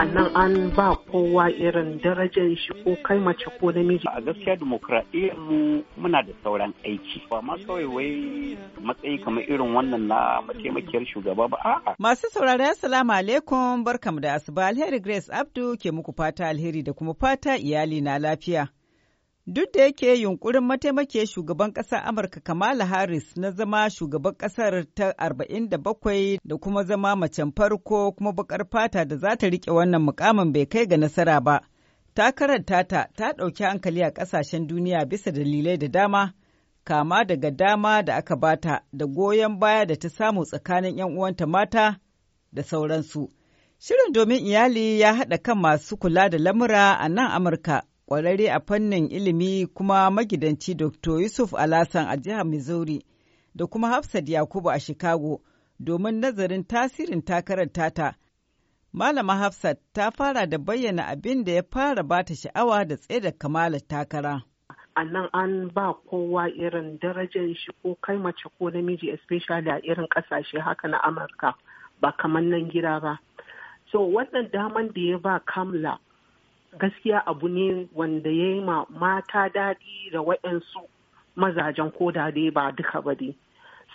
a an ba kowa irin darajar shi ko kai mace ko namiji. A gaskiya dimokuraɗiyyar mu muna da sauran aiki. Ba ma kawai wai matsayi kamar irin wannan na mataimakiyar shugaba ba a Masu saurari assalamu alaikum barkamu da asuba alheri Grace Abdu ke muku fata alheri da kuma fata iyali na lafiya. Duk da yake yunkurin mataimake shugaban ƙasar Amurka Kamala Harris na zama shugaban ƙasar ta 47 da kuma zama macen farko kuma bakar fata da za ta riƙe wannan mukamin bai kai ga nasara ba. ta karanta ta ɗauki hankali a ƙasashen duniya bisa dalilai da dama, kama daga dama da aka bata da goyon baya da ta samu tsakanin 'yan uwanta mata da sauransu. Shirin domin iyali ya haɗa kan masu kula da lamura a nan Amurka ƙwararre a fannin ilimi kuma magidanci Dr. Yusuf Alasan a jihar Missouri da kuma Hafsat Yakubu a Chicago domin nazarin tasirin takarar tata. Malama Hafsat ta fara da bayyana abin da ya fara bata sha'awa da tsaida kamalar takara. a nan an ba kowa irin darajar shi ko kai mace ko namiji especially a irin kasashe haka na amurka ba kamar nan gida ba so wannan daman da ya ba kamla gaskiya abu ne wanda ya yi ma mata daɗi da waɗansu mazajen ko dai ba duka ba dai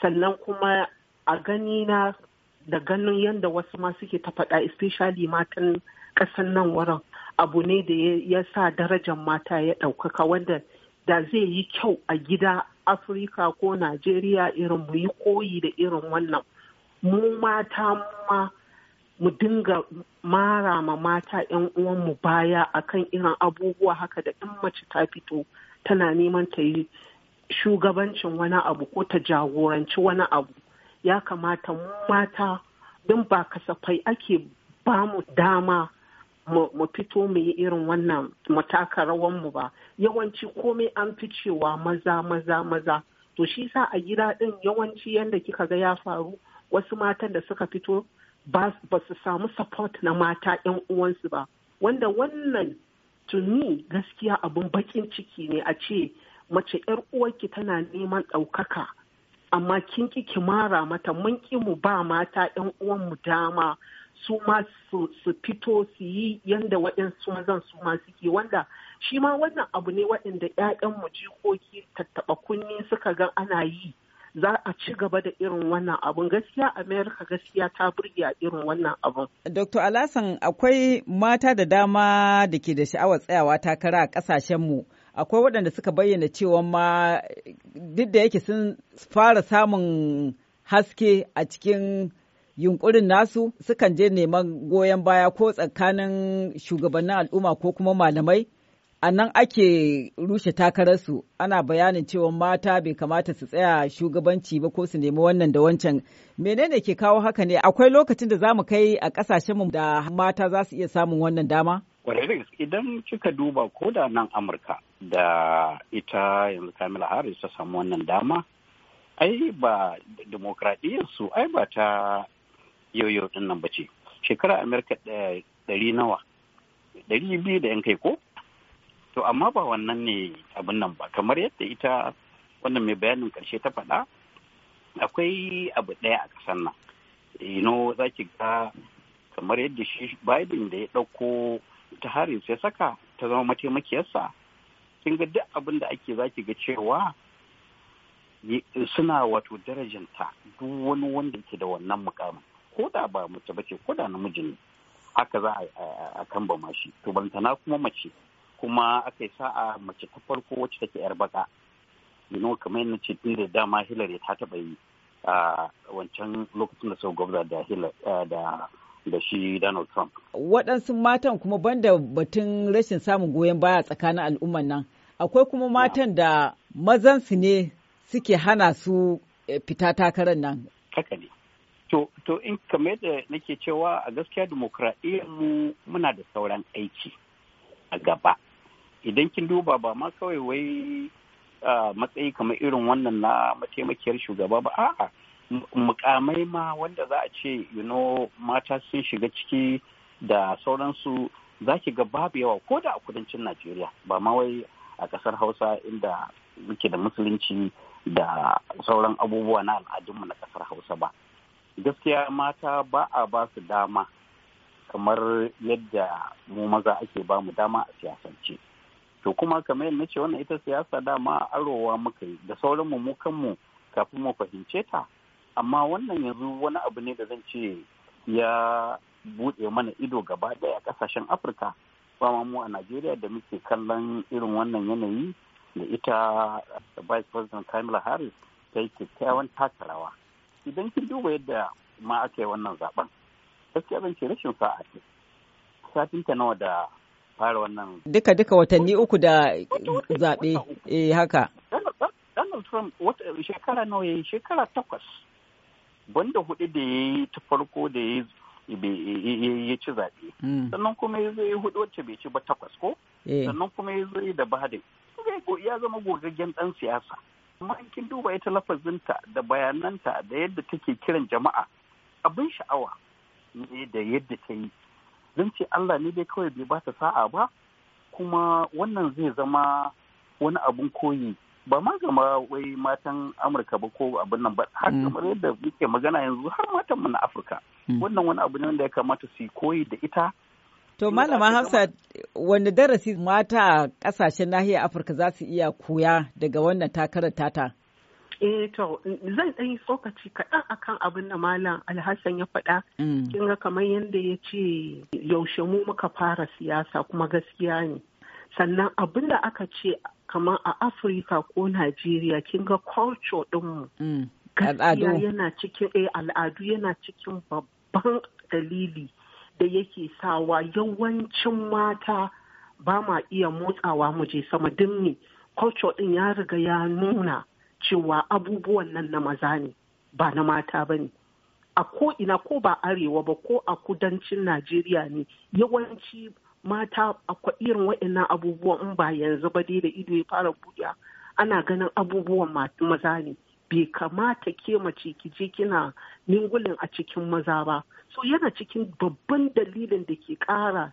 sannan kuma a gani na da ganin yadda wasu ma suke ta faɗa especially matan ƙasan nan wurin abu ne da ya sa darajar mata ya ɗaukaka wanda da zai yi kyau a gida afirka ko najeriya irin mu yi koyi da irin wannan mu mata ma mu dinga mara ma mata 'yan uwanmu baya akan irin abubuwa haka da in mace ta fito tana neman ta yi shugabancin wani abu ko ta jagoranci wani abu ya kamata mu mata don ba kasafai ake ba mu dama mu fito mu yi irin wannan mataka rawanmu ba yawanci komai an fi cewa maza maza maza to shi sa a gida din yawanci yadda kika ga ya faru wasu matan da suka fito ba su samu support na mata 'yan uwansu ba wanda wannan tuni gaskiya abin bakin ciki ne a ce mace 'yar uwarki tana neman ɗaukaka amma kin ki kimara mata mun ki mu ba mata 'yan uwanmu dama su ma su fito su yi yanda waɗansu mazan su ma suke wanda shi ma wannan abu ne waɗanda 'ya'yanmu jikoki tattaɓa kunni suka ga ana yi za a ci gaba da irin wannan abun gaskiya Amerika gaskiya ta burge a irin wannan abun dr alasan akwai mata da dama da ke da sha'awar tsayawa takara a kasashenmu akwai waɗanda suka bayyana cewa ma duk da yake sun fara samun haske a cikin yunkurin nasu sukan je neman goyon baya ko tsakanin shugabannin al'umma ko kuma malamai a nan ake rushe takararsu ana bayanin cewa mata bai kamata su tsaya shugabanci ba ko su nemi wannan da wancan menene ke kawo haka ne akwai lokacin da za mu kai a kasashenmu da mata za su iya samun wannan dama idan kika duba ko da nan amurka da ita yanzu kamila harris ta samu wannan dama ai ba demokradiyyarsu ai ba ta yoyo din nan ba ce shekara amurka ɗari nawa ɗari biyu da yan kai ko to amma ba wannan ne abin nan ba kamar yadda ita wannan mai bayanin karshe ta faɗa akwai abu ɗaya a ƙasar nan ino za ki ga kamar yadda shi biden da ya ɗauko ta harin ya saka ta zama mataimakiyarsa kin ga duk abin da ake za ki ga cewa suna wato darajanta duk wani wanda ke da wannan mukamin ko da ba mace ba ce ko da namiji ne haka za a kambama shi to na kuma mace kuma aka yi sa'a mace ta farko wacce take yar baka you kamar yadda ce tun da dama hillary ta taba yi a wancan lokacin da sau gwamna da da shi donald trump waɗansu matan kuma banda batun rashin samun goyon baya tsakanin al'umman nan akwai kuma matan da mazansu ne suke hana su e, fita takarar nan haka ne to to in kamar yadda nake cewa a gaskiya demokradiyyar mu muna da sauran aiki a gaba idan kin duba ba ma kawai wai matsayi kamar irin wannan na mataimakiyar shugaba ba a'a mukamai ma wanda za a ce you know mata sun shiga ciki da sauransu za ki ga babu yawa ko da a kudancin najeriya ba ma wai a kasar hausa inda muke da musulunci da sauran abubuwa na al'adunmu na kasar hausa ba gaskiya mata ba a ba su dama kamar yadda mu maza ake ba mu dama a siyasance. to kuma kamar yadda ce wannan ita siyasa dama arowa muka yi da sauran mu kanmu kafin mu fahimce ta amma wannan yanzu wani abu ne da zan ce ya buɗe mana ido gaba ɗaya ƙasashen afirka ba ma mu a najeriya da muke kallon irin wannan yanayi da ita vice president kamala harris ta yi kyakkyawan taka idan kin duba yadda ma aka yi wannan zaben gaskiya zan ce rashin sa'a ce satinta nawa da fara wannan. Duka duka watanni uku da zaɓe. Eh haka. Donald Trump shekara nawa yayi shekara takwas. Banda hudu da ya yi ta farko da ya ya ci zaɓe. Hmm. Sannan kuma ya zai hudu wacce bai ci ba takwas ko? Eh. Sannan kuma ya zai da Biden. Ya zama gogaggen dan siyasa. Amma in kin duba ita lafazinta da bayananta da yadda take kiran jama'a abin sha'awa ne da yadda ta yi don ce Allah ne dai kawai bai ba ta sa'a ba kuma wannan zai zama wani abun koyi ba ma gama wai matan amurka ba ko abin nan ba har mm. kamar yadda muke magana yanzu har matan mu na afirka mm. wannan wani abu ne wanda ya kamata su yi koyi da ita to malama hafsa wanda darasi mata a kasashen nahiyar afirka za su iya koya daga wannan takarar tata Eh to zan ɗan yi tsokaci kaɗan akan abin da Malam Alhassan ya faɗa. Mm. Kin ga kamar yadda ya ce yaushe mu muka fara siyasa kuma gaskiya ne. Sannan abin da aka ce kamar a Afirka ko Najeriya kin ga culture ɗinmu. Mm. Gaskiya yana cikin eh al'adu yana cikin babban dalili da yake sawa yawancin mata ba ma iya motsawa mu je sama dimmi culture ɗin ya riga ya nuna. cewa abubuwan nan na maza ne ba na mata ba ne a ko ina ko ba arewa ba ko a kudancin najeriya ne yawanci mata akwai irin waɗannan abubuwan in ba yanzu ba dai da ido ya fara buɗe ana ganin abubuwan maza ne bai kamata ke mace kije kina ningulin a cikin maza ba so yana cikin babban dalilin da ke ƙara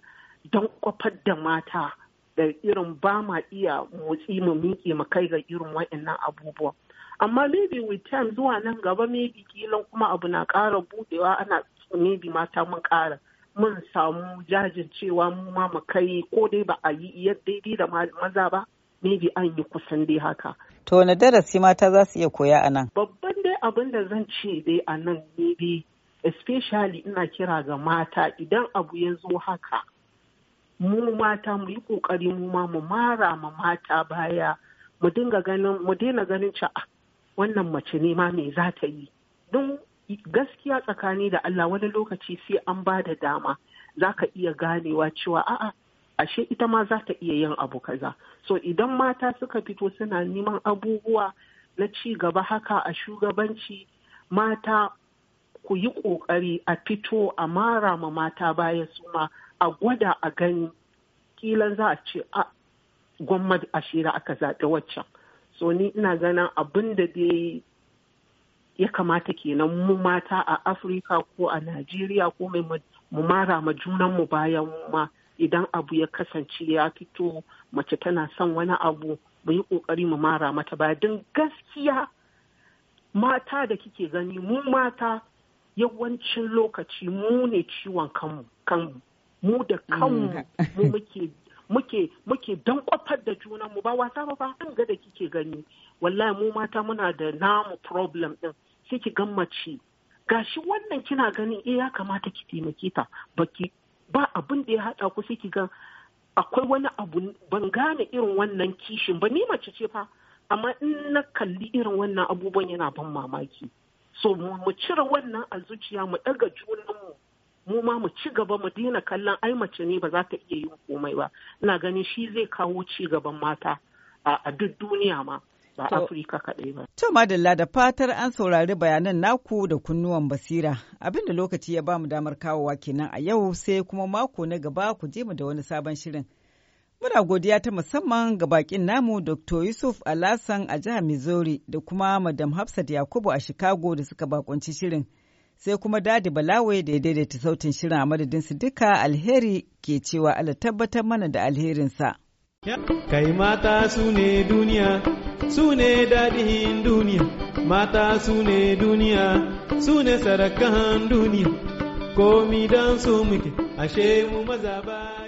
don kwafar da mata da irin ba ma iya motsi mu miƙe mu kai ga irin wa'annan abubuwa amma maybe with time zuwa nan gaba maybe kilan kuma abu na ƙara buɗewa, ana maybe mata mun ƙara mun samu jajircewa mu ma mu kai ko dai ba a yi daidai da maza ba maybe an yi kusan dai haka to wani darasi mata za su iya koya a nan babban dai abin da zan ce dai a nan maybe especially ina kira ga mata idan abu ya zo haka mu mata mu yi kokari mu ma mu mara ma mata baya mu dinga ganin mu daina ganin ca ah, wannan mace ne ma me za ta yi don gaskiya tsakani da Allah wani lokaci sai an ba da dama zaka iya ganewa cewa a'a ashe ita ma za ta iya yin abu kaza so idan mata suka fito suna neman abubuwa na ci gaba haka a shugabanci mata ku yi ƙoƙari a fito a mara ma mata baya su ma a gwada a gani kilan za a ce a ah, gwamnati a shira aka zaɓi waccan so ni ina ganin abin da dai ya kamata kenan mu mata a afirka ko a najeriya ko mai mu mara ma junanmu bayan ma idan abu ya kasance ya fito mace tana son wani abu mu yi kokari mu mara mata baya don gaskiya mata da kike gani mu mata yawancin lokaci mu ne ciwon kanmu mu da mm. kanmu mu muke muke muke dan kwafar da juna mu ba wasa ba an ga da kike gani wallahi mu mata muna da namu problem din sai ki gan mace gashi wannan kina ganin eh ya kamata ki taimake ta baki ba abin da ya hada ku sai ki ga akwai wani abu ban gane irin wannan kishin ba ni mace ce fa amma in na kalli irin wannan abubuwan yana ban mamaki so mu cire wannan a zuciya mu daga mu. mu ma mu ci gaba mu daina kallon ai mace ne ba za ta iya yin komai ba ina ganin shi zai kawo ci gaban mata a duk duniya ma ba Afirka kaɗai ba. To madalla da fatar an saurari bayanan naku da kunnuwan basira abinda lokaci ya ba mu damar kawowa kenan a yau sai kuma mako na gaba ku je mu da wani sabon shirin. Muna godiya ta musamman ga bakin namu Dr. Yusuf Alasan a jihar Missouri da kuma Madam Hafsat Yakubu a Chicago da suka bakunci shirin. sai kuma dadi balawai da ya daidaita sautin shirin a madadin su duka alheri ke cewa ala tabbatar mana da alherinsa. Kai mata su ne duniya, su ne dadihin duniya, mata su ne duniya, su ne sarakan duniya, komi don su muke, ashe mu maza ba.